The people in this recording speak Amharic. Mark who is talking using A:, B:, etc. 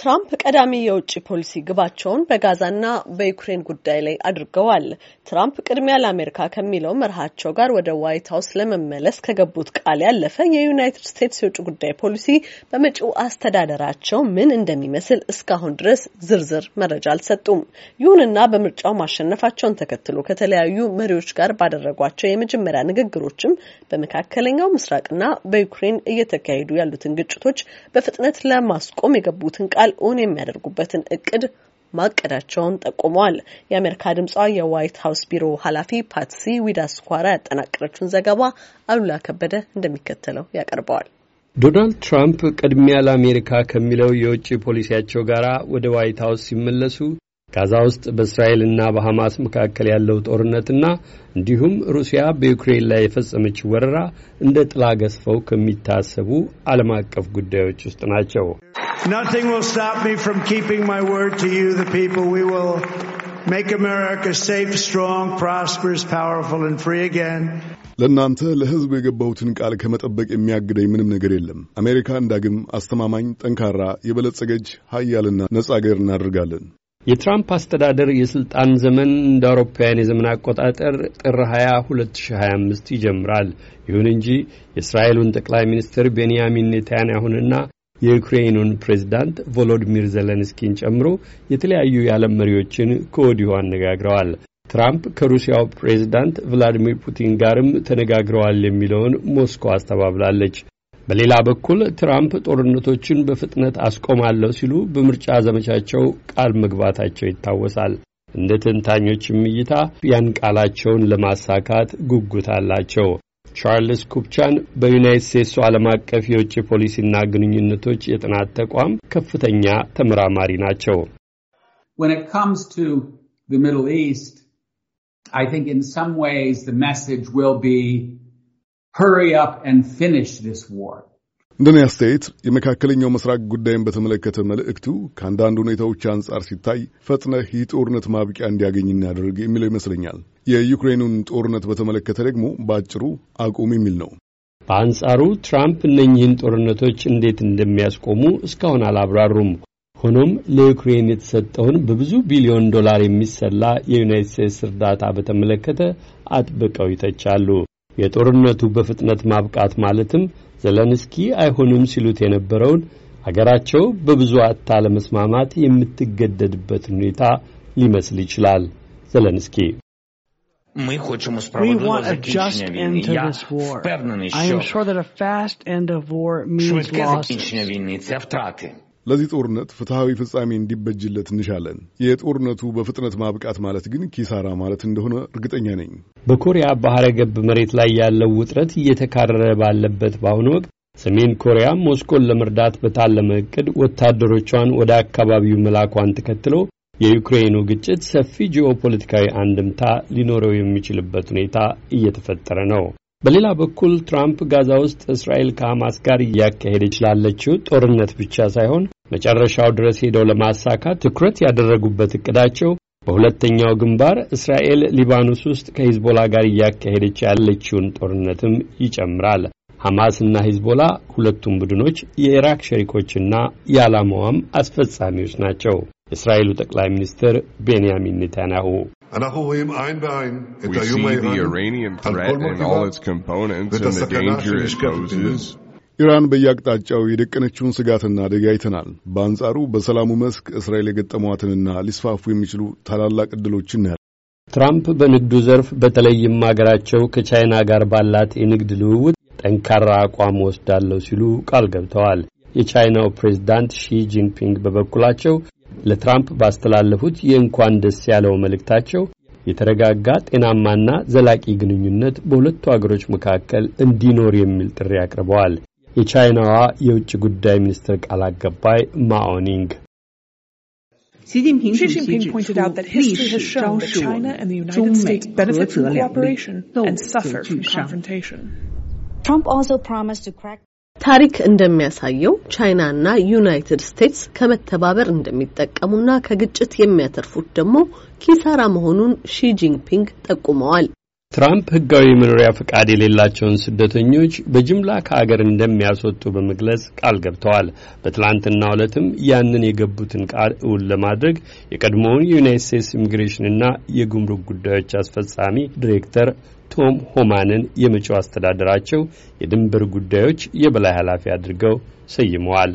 A: ትራምፕ ቀዳሚ የውጭ ፖሊሲ ግባቸውን በጋዛና በዩክሬን ጉዳይ ላይ አድርገዋል። ትራምፕ ቅድሚያ ለአሜሪካ ከሚለው መርሃቸው ጋር ወደ ዋይት ሀውስ ለመመለስ ከገቡት ቃል ያለፈ የዩናይትድ ስቴትስ የውጭ ጉዳይ ፖሊሲ በመጪው አስተዳደራቸው ምን እንደሚመስል እስካሁን ድረስ ዝርዝር መረጃ አልሰጡም። ይሁንና በምርጫው ማሸነፋቸውን ተከትሎ ከተለያዩ መሪዎች ጋር ባደረጓቸው የመጀመሪያ ንግግሮችም በመካከለኛው ምስራቅና በዩክሬን እየተካሄዱ ያሉትን ግጭቶች በፍጥነት ለማስቆም የገቡትን ቃል ቃል እውን የሚያደርጉበትን እቅድ ማቀዳቸውን ጠቁመዋል። የአሜሪካ ድምጿ የዋይት ሀውስ ቢሮ ኃላፊ ፓትሲ ዊዳስኳራ ያጠናቀረችውን ዘገባ አሉላ ከበደ እንደሚከተለው ያቀርበዋል።
B: ዶናልድ ትራምፕ ቅድሚያ ለአሜሪካ ከሚለው የውጭ ፖሊሲያቸው ጋር ወደ ዋይት ሀውስ ሲመለሱ ጋዛ ውስጥ በእስራኤልና በሐማስ መካከል ያለው ጦርነትና እንዲሁም ሩሲያ በዩክሬን ላይ የፈጸመች ወረራ እንደ ጥላ ገዝፈው ከሚታሰቡ ዓለም አቀፍ ጉዳዮች ውስጥ ናቸው። Nothing will stop me from keeping my word to you, the people. We will make America safe,
C: strong, prosperous, powerful, and free again. ለእናንተ ለሕዝብ የገባሁትን ቃል ከመጠበቅ የሚያግደኝ ምንም ነገር የለም። አሜሪካ እንዳግም አስተማማኝ፣ ጠንካራ፣ የበለጸገች ሀያልና ነጻ አገር እናደርጋለን።
B: የትራምፕ አስተዳደር የስልጣን ዘመን እንደ አውሮፓውያን የዘመን አቆጣጠር ጥር 20 2025 ይጀምራል። ይሁን እንጂ የእስራኤሉን ጠቅላይ ሚኒስትር ቤንያሚን ኔታንያሁንና የዩክሬኑን ፕሬዝዳንት ቮሎዲሚር ዘለንስኪን ጨምሮ የተለያዩ የዓለም መሪዎችን ከወዲሁ አነጋግረዋል። ትራምፕ ከሩሲያው ፕሬዝዳንት ቭላዲሚር ፑቲን ጋርም ተነጋግረዋል የሚለውን ሞስኮ አስተባብላለች። በሌላ በኩል ትራምፕ ጦርነቶችን በፍጥነት አስቆማለሁ ሲሉ በምርጫ ዘመቻቸው ቃል መግባታቸው ይታወሳል። እንደ ተንታኞችም እይታ ያን ቃላቸውን ለማሳካት ጉጉት አላቸው። ቻርልስ ኩፕቻን በዩናይት ስቴትሱ ዓለም አቀፍ የውጭ ፖሊሲና ግንኙነቶች የጥናት ተቋም ከፍተኛ ተመራማሪ ናቸው።
C: ስ እንደኔ አስተያየት የመካከለኛው ምስራቅ ጉዳይን በተመለከተ መልእክቱ ከአንዳንድ ሁኔታዎች አንጻር ሲታይ ፈጥነህ ይህ ጦርነት ማብቂያ እንዲያገኝ እናደርግ የሚለው ይመስለኛል። የዩክሬኑን ጦርነት በተመለከተ ደግሞ በአጭሩ አቁም የሚል ነው።
B: በአንጻሩ ትራምፕ እነኚህን ጦርነቶች እንዴት እንደሚያስቆሙ እስካሁን አላብራሩም። ሆኖም ለዩክሬን የተሰጠውን በብዙ ቢሊዮን ዶላር የሚሰላ የዩናይት ስቴትስ እርዳታ በተመለከተ አጥብቀው ይተቻሉ። የጦርነቱ በፍጥነት ማብቃት ማለትም ዘለንስኪ አይሆንም ሲሉት የነበረውን አገራቸው በብዙ አጥታ ለመስማማት የምትገደድበትን ሁኔታ ሊመስል ይችላል። ዘለንስኪ
C: Ми хочемо справедливо закінчення війни. Я впевнений, що
A: швидке закінчення
C: війни це втрати. ለዚህ ጦርነት ፍትሐዊ ፍጻሜ እንዲበጅለት እንሻለን። የጦርነቱ በፍጥነት ማብቃት ማለት ግን ኪሳራ ማለት እንደሆነ እርግጠኛ ነኝ።
B: በኮሪያ ባህረ ገብ መሬት ላይ ያለው ውጥረት እየተካረረ ባለበት በአሁኑ ወቅት ሰሜን ኮሪያ ሞስኮን ለመርዳት በታለመ እቅድ ወታደሮቿን ወደ አካባቢው መላኳን ተከትሎ የዩክሬኑ ግጭት ሰፊ ጂኦፖለቲካዊ አንድምታ ሊኖረው የሚችልበት ሁኔታ እየተፈጠረ ነው። በሌላ በኩል ትራምፕ ጋዛ ውስጥ እስራኤል ከሐማስ ጋር እያካሄደች ላለችው ጦርነት ብቻ ሳይሆን መጨረሻው ድረስ ሄደው ለማሳካት ትኩረት ያደረጉበት እቅዳቸው በሁለተኛው ግንባር እስራኤል ሊባኖስ ውስጥ ከሂዝቦላ ጋር እያካሄደች ያለችውን ጦርነትም ይጨምራል። ሐማስና ሂዝቦላ ሁለቱም ቡድኖች የኢራቅ ሸሪኮችና የዓላማዋም አስፈጻሚዎች ናቸው። የእስራኤሉ ጠቅላይ ሚኒስትር ቤንያሚን ኔታንያሁ
C: We see the Iranian threat and all its components and the danger it poses. ኢራን በየአቅጣጫው የደቀነችውን ስጋትና አደጋ አይተናል። በአንጻሩ በሰላሙ መስክ እስራኤል የገጠሟትንና ሊስፋፉ የሚችሉ ታላላቅ እድሎችን ያል ትራምፕ
B: በንግዱ ዘርፍ በተለይም አገራቸው ከቻይና ጋር ባላት የንግድ ልውውጥ ጠንካራ አቋም ወስዳለሁ ሲሉ ቃል ገብተዋል። የቻይናው ፕሬዚዳንት ሺ ጂንፒንግ በበኩላቸው ለትራምፕ ባስተላለፉት የእንኳን ደስ ያለው መልእክታቸው የተረጋጋ ጤናማና ዘላቂ ግንኙነት በሁለቱ አገሮች መካከል እንዲኖር የሚል ጥሪ አቅርበዋል። የቻይናዋ የውጭ ጉዳይ ሚኒስትር ቃል አቀባይ ማኦኒንግ
A: ታሪክ እንደሚያሳየው ቻይና ና ዩናይትድ ስቴትስ ከመተባበር እንደሚጠቀሙና ከግጭት የሚያተርፉት ደግሞ ኪሳራ መሆኑን ሺጂንፒንግ ጠቁመዋል።
B: ትራምፕ ህጋዊ የመኖሪያ ፈቃድ የሌላቸውን ስደተኞች በጅምላ ከአገር እንደሚያስወጡ በመግለጽ ቃል ገብተዋል። በትላንትና ዕለትም ያንን የገቡትን ቃል እውን ለማድረግ የቀድሞውን የዩናይት ስቴትስ ኢሚግሬሽንና የጉምሩክ ጉዳዮች አስፈጻሚ ዲሬክተር ቶም ሆማንን የመጪው አስተዳደራቸው የድንበር ጉዳዮች የበላይ ኃላፊ አድርገው ሰይመዋል።